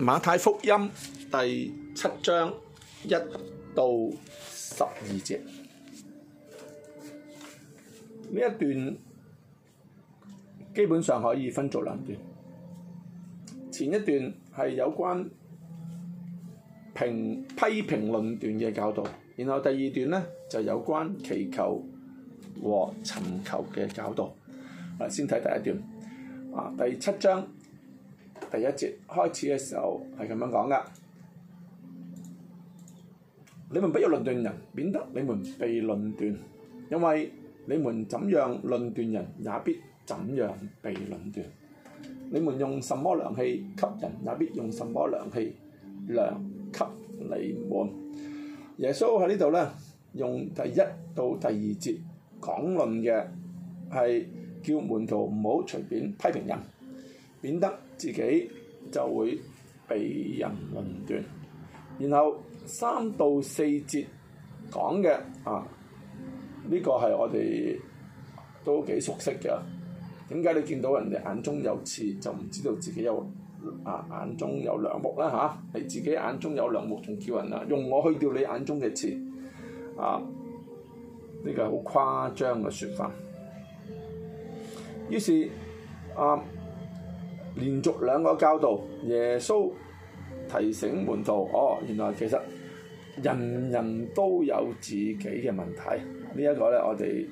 馬太福音第七章一到十二節，呢一段基本上可以分作兩段。前一段係有關評批評論斷嘅教導，然後第二段呢就有關祈求和尋求嘅教導。先睇第一段。啊，第七章。第一節開始嘅時候係咁樣講㗎：你們不要論斷人，免得你們被論斷，因為你們怎樣論斷人，也必怎樣被論斷。你們用什麼量器給人，也必用什麼量器量給你們。耶穌喺呢度咧，用第一到第二節講論嘅係叫門徒唔好隨便批評人。免得自己就會被人論斷，然後三到四節講嘅啊，呢、這個係我哋都幾熟悉嘅。點解你見到人哋眼中有刺，就唔知道自己有啊眼中有梁木啦？嚇、啊？你自己眼中有梁木，仲叫人啊用我去掉你眼中嘅刺啊？呢、這個係好誇張嘅說法。於是啊～連續兩個教導，耶穌提醒門徒，哦，原來其實人人都有自己嘅問題，這個、呢一個咧我哋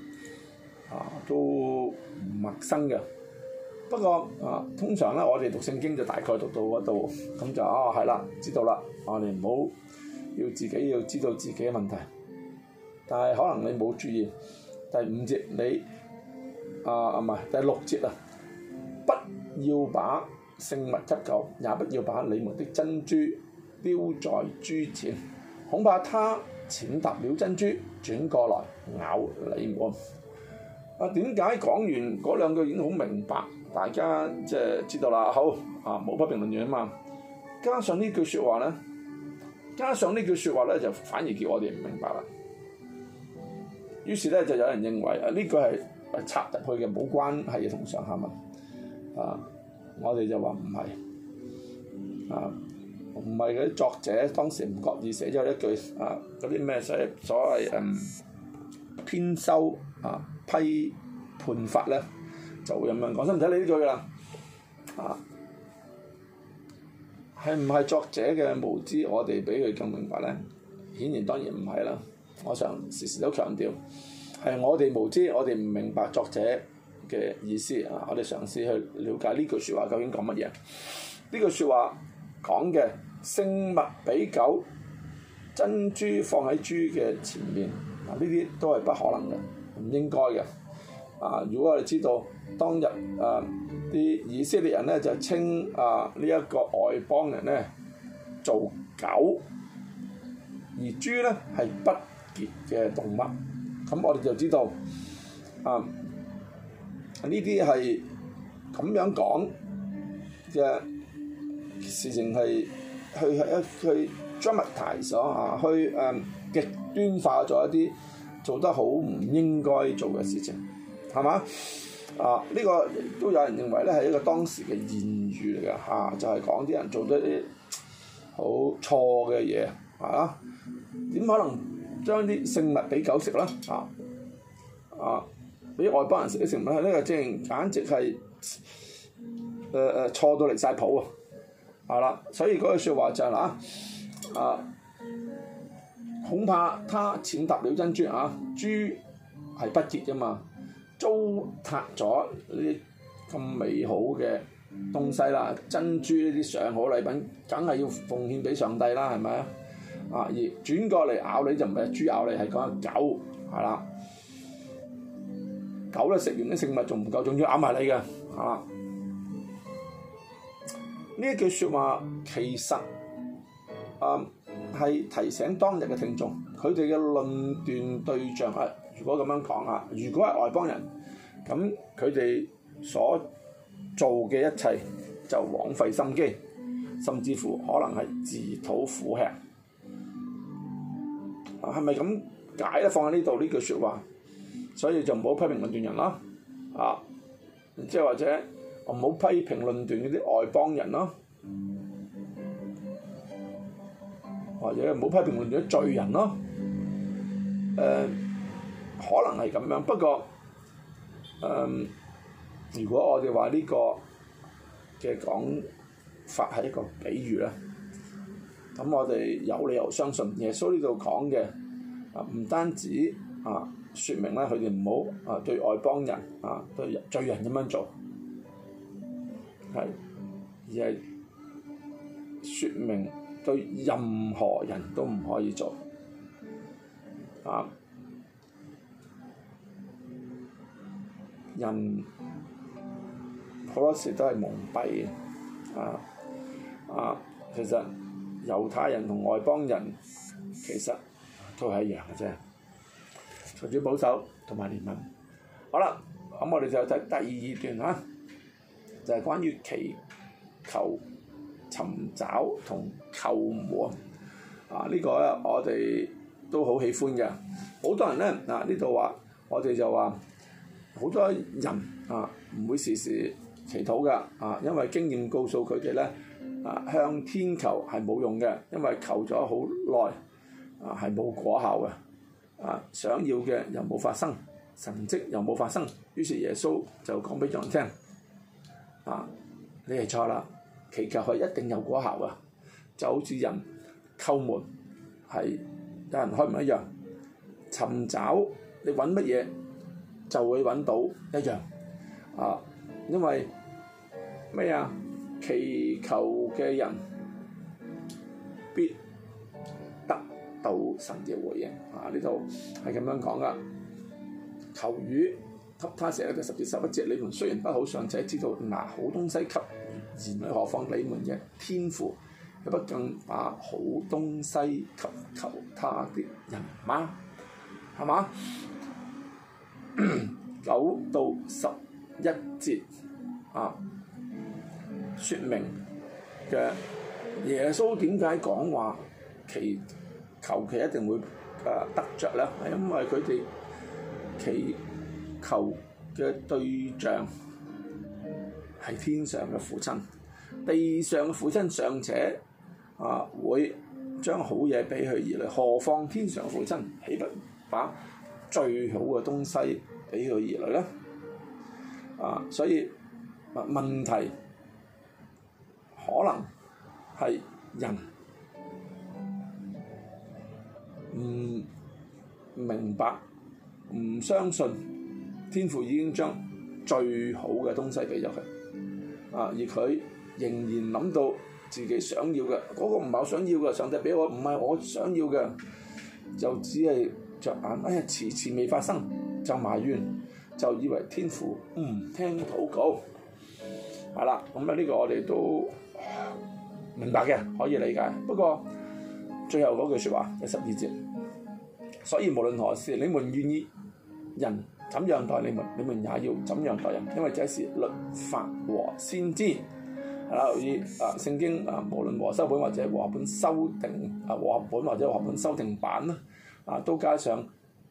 啊都唔陌生嘅。不過啊，通常咧我哋讀聖經就大概讀到嗰度，咁就哦，係啦，知道啦，我哋唔好要自己要知道自己嘅問題。但係可能你冇注意第五節，你啊啊唔係第六節啊。要把聖物給狗，也不要把你們的珍珠丟在豬前，恐怕他踐踏了珍珠，轉過來咬你們。啊，點解講完嗰兩句已經好明白，大家即係知道啦，好啊，冇不評論語啊嘛。加上呢句説話咧，加上呢句説話咧，就反而叫我哋唔明白啦。於是咧，就有人認為啊，呢句係插入去嘅，冇關係嘅同上下文。啊！我哋就話唔係啊，唔係嗰啲作者當時唔覺意寫咗一句啊，嗰啲咩所所謂嗯編修啊批判法咧，就會咁樣講。睇唔睇你呢句㗎啦？啊，係唔係作者嘅無知？我哋比佢更明白咧？顯然當然唔係啦。我想時時都強調，係我哋無知，我哋唔明白作者。嘅意思啊！我哋嘗試去了解呢句説話究竟講乜嘢？呢句説話講嘅「聖物俾狗，珍珠放喺豬嘅前面」，啊！呢啲都係不可能嘅，唔應該嘅。啊！如果我哋知道當日啊啲以色列人咧就稱啊呢一個外邦人咧做狗，而豬咧係不潔嘅動物，咁我哋就知道啊。呢啲係咁樣講嘅事情係去去去將物題上，嚇，去誒極端化咗一啲做得好唔應該做嘅事情，係嘛？啊！呢、這個都有人認為咧係一個當時嘅諺語嚟嘅嚇，就係講啲人做咗啲好錯嘅嘢，係啊？點可能將啲聖物俾狗食啦？啊啊！俾外邦人食啲食物，呢、這個正簡直係誒誒錯到離晒譜啊！係啦，所以嗰句説話就係、是、啦，啊恐怕他踐踏了珍珠啊，豬係不潔噶嘛，糟蹋咗呢啲咁美好嘅東西啦，珍珠呢啲上好禮品，梗係要奉獻俾上帝啦，係咪啊？啊而轉過嚟咬你就唔係豬咬你，係講緊狗，係、啊、啦。狗咧食完啲食物仲唔夠，仲要咬埋你嘅，啊、嗯！呢一句説話其實啊係、嗯、提醒當日嘅聽眾，佢哋嘅論斷對象係如果咁樣講啊，如果係外邦人，咁佢哋所做嘅一切就枉費心機，甚至乎可能係自討苦吃。啊、嗯，係咪咁解咧？放喺呢度呢句説話。所以就唔好批評論斷人咯，啊，即係或者唔好批評論斷嗰啲外邦人咯，或者唔好批評論斷罪人咯，誒、啊，可能係咁樣，不過誒、啊，如果我哋話呢個嘅講法係一個比喻咧，咁我哋有理由相信耶穌呢度講嘅，啊唔單止啊。説明呢，佢哋唔好啊對外邦人啊對罪人咁樣做，係，而係説明對任何人都唔可以做，啊，人好多時都係蒙蔽嘅，啊啊其實猶太人同外邦人其實都係一樣嘅啫。求主保守同埋憐憫好啦，咁我哋就睇第二段嚇，就係、是、關於祈求、尋找同叩門啊，呢、這個咧我哋都好喜歡嘅。好多人咧，嗱呢度話，我哋就話好多人啊，唔會時時祈禱嘅啊，因為經驗告訴佢哋咧，啊向天求係冇用嘅，因為求咗好耐啊係冇果效嘅。啊！想要嘅又冇發生，神蹟又冇發生，於是耶穌就講俾眾人聽：啊，你係錯啦，祈求係一定有果效啊。就好似人叩門係有人開門一樣，尋找你揾乜嘢就會揾到一樣，啊，因為咩啊？祈求嘅人必到神嘅回應啊！呢度係咁樣講噶，求魚給他蛇一隻十節十一節。你們雖然不好上，尚且知道拿好東西給兒女，而何況你們嘅天父，你不更把好東西給求他嘅人嗎？係、啊、嘛？ 九到十一節啊，説明嘅耶穌點解講話其。求其一定會啊得著啦，因為佢哋祈求嘅對象係天上嘅父親，地上嘅父親尚且啊會將好嘢俾佢兒女，何況天上嘅父親，豈不把最好嘅東西俾佢兒女呢？啊，所以問題可能係人。明白，唔相信天父已經將最好嘅東西俾咗佢，啊！而佢仍然諗到自己想要嘅嗰、嗰個唔係我，我想要嘅，上帝俾我唔係我想要嘅，就只係着眼哎呀，遲遲未發生就埋怨，就以為天父唔聽禱告，係啦、嗯，咁咧呢個我哋都明白嘅，可以理解。不過最後嗰句説話係十二節。所以無論何事，你們願意人怎樣待你們，你們也要怎樣待人，因為這是律法和先知。留意啊，啊，聖經啊，無論和修本或者和本修訂啊，和本或者和本修訂版啦，啊，都加上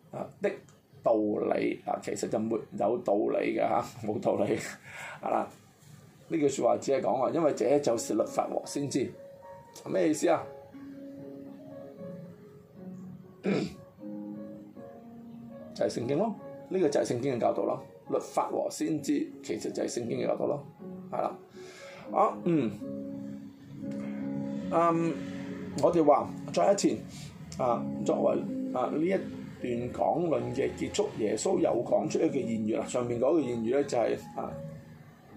啊的道理啊，其實就沒有道理嘅嚇，啊，冇道理啊！呢句説話只係講話，因為這就是律法和先知，咩意思啊？ 就係聖經咯，呢、這個就係聖經嘅教導咯，律法和先知其實就係聖經嘅教導咯，係啦，好、啊、嗯，嗯，我哋話再一前啊，作為啊呢一段講論嘅結束，耶穌又講出一句諺語啦，上面嗰句諺語咧就係、是、啊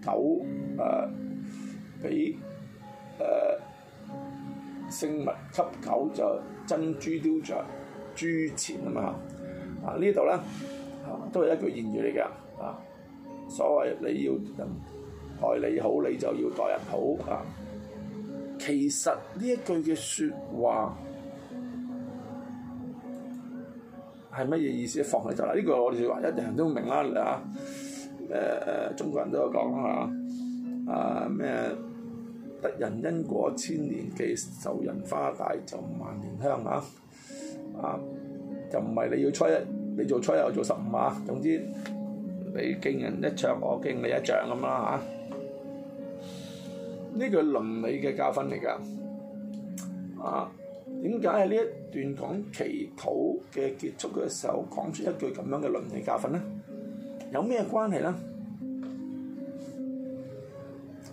狗誒俾誒聖物給狗就珍珠丟在豬前啊嘛～啊、呢度咧，啊，都係一句言語嚟㗎。啊，所謂你要人待你好，你就要待人好。啊，其實呢一句嘅説話係乜嘢意思放喺就嗱，呢、啊、句、這個、我哋話人人都明啦。嚇、啊，誒、啊、中國人都有講嚇，啊咩、啊？得人恩果千年記，受人花戴就萬年香。嚇、啊，啊。就唔係你要初一，你做初一我做十五啊！總之，你敬人一丈，我敬你一丈咁啦嚇。呢句倫理嘅教訓嚟㗎，啊？點解喺呢一段講祈禱嘅結束嘅時候講出一句咁樣嘅倫理教訓呢？有咩關係呢？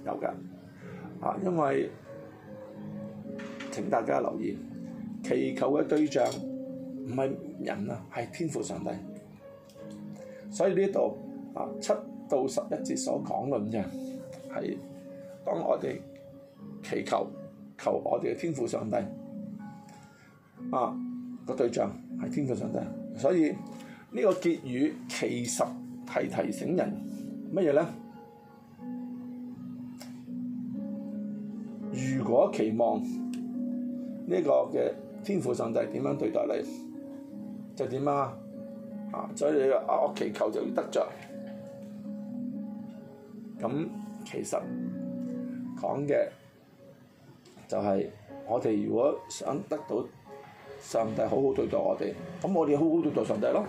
有㗎，啊！因為請大家留意，祈求嘅對象。唔係人啊，係天父上帝。所以呢度啊，七到十一節所講嘅咁就係當我哋祈求，求我哋嘅天父上帝啊，個對象係天父上帝。所以呢個結語其實係提醒人乜嘢咧？如果期望呢個嘅天父上帝點樣對待你？就點啊？啊！所以你話啊，我祈求就要得着。咁、啊、其實講嘅就係、是、我哋如果想得到上帝好好對待我哋，咁我哋好好對待上帝咯。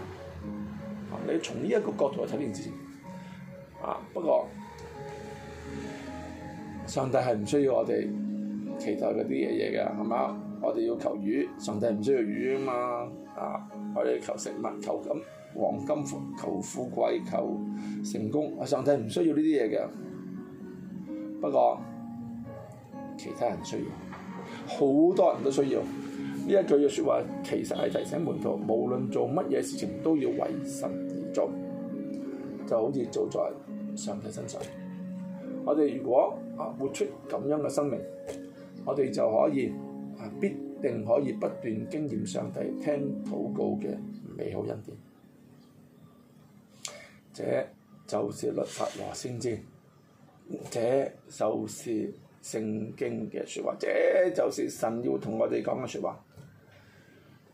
啊、你從呢一個角度去睇呢件事。啊！不過上帝係唔需要我哋期待嗰啲嘢嘢㗎，係咪啊？我哋要求魚，上帝唔需要魚啊嘛。啊！我哋求食物、求金、黃金、求富貴、求成功，上帝唔需要呢啲嘢嘅。不過其他人需要，好多人都需要。呢一句嘅説話其實係提醒門徒，無論做乜嘢事情都要為神而做，就好似做在上帝身上。我哋如果啊活出咁樣嘅生命，我哋就可以啊必。定可以不斷經驗上帝聽禱告嘅美好恩典，這就是律法和先知，這就是聖經嘅説話，這就是神要同我哋講嘅説話。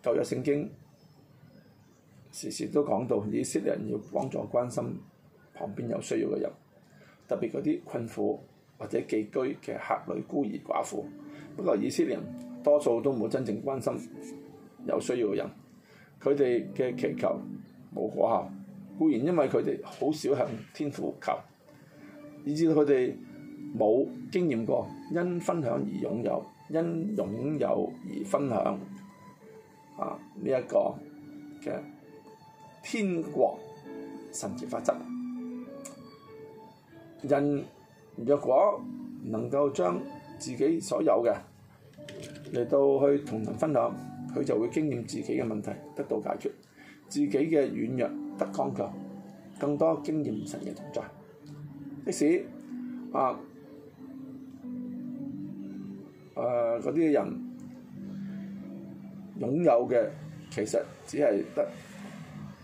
舊約聖經時時都講到以色列人要幫助關心旁邊有需要嘅人，特別嗰啲困苦或者寄居嘅客旅、孤兒寡婦。不過以色列人，多數都冇真正關心有需要嘅人，佢哋嘅祈求冇果效，固然因為佢哋好少向天父求，以至佢哋冇經驗過因分享而擁有，因擁有而分享啊，呢一個嘅天國神節法則。人若果能夠將自己所有嘅嚟到去同人分享，佢就會經驗自己嘅問題得到解決，自己嘅軟弱得剛強，更多經驗神嘅存在。即使啊，誒嗰啲人擁有嘅其實只係得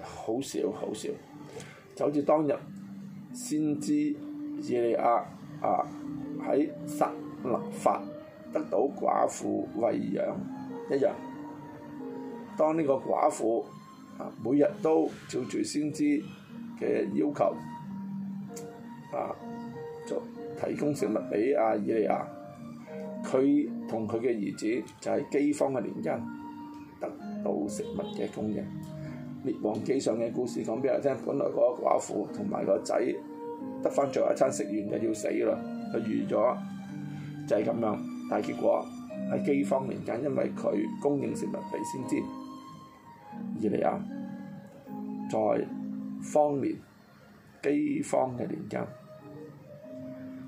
好少好少，就好似當日先知以利亞啊喺撒勒法。得到寡婦餵養一日，當呢個寡婦啊，每日都照住先知嘅要求啊，就提供食物俾阿以利亞。佢同佢嘅兒子就係饑荒嘅年間得到食物嘅供應。《列王記》上嘅故事講俾我聽，本來個寡婦同埋個仔得翻最後一餐，食完就要死啦，佢預咗就係咁樣。但結果喺饑荒年間，因為佢供應食物俾先知。以利亞在荒年饑荒嘅年間，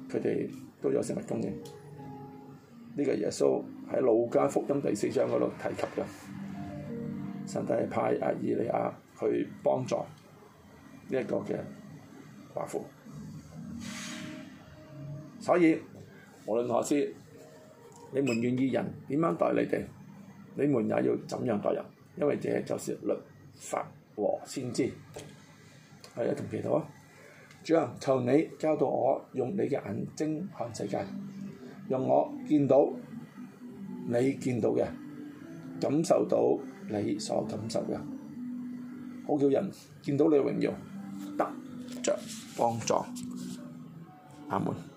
佢哋都有食物供應。呢、這個耶穌喺《路加福音》第四章嗰度提及嘅。神帝派阿以利亞去幫助呢一個嘅寡婦。所以，無論何時。你們願意人點樣待你哋，你們也要怎樣待人，因為這就是律法和先知。係一同祈禱啊！主啊，求你教導我用你嘅眼睛看世界，讓我見到你見到嘅，感受到你所感受嘅，好叫人見到你榮耀，得着幫助。阿門。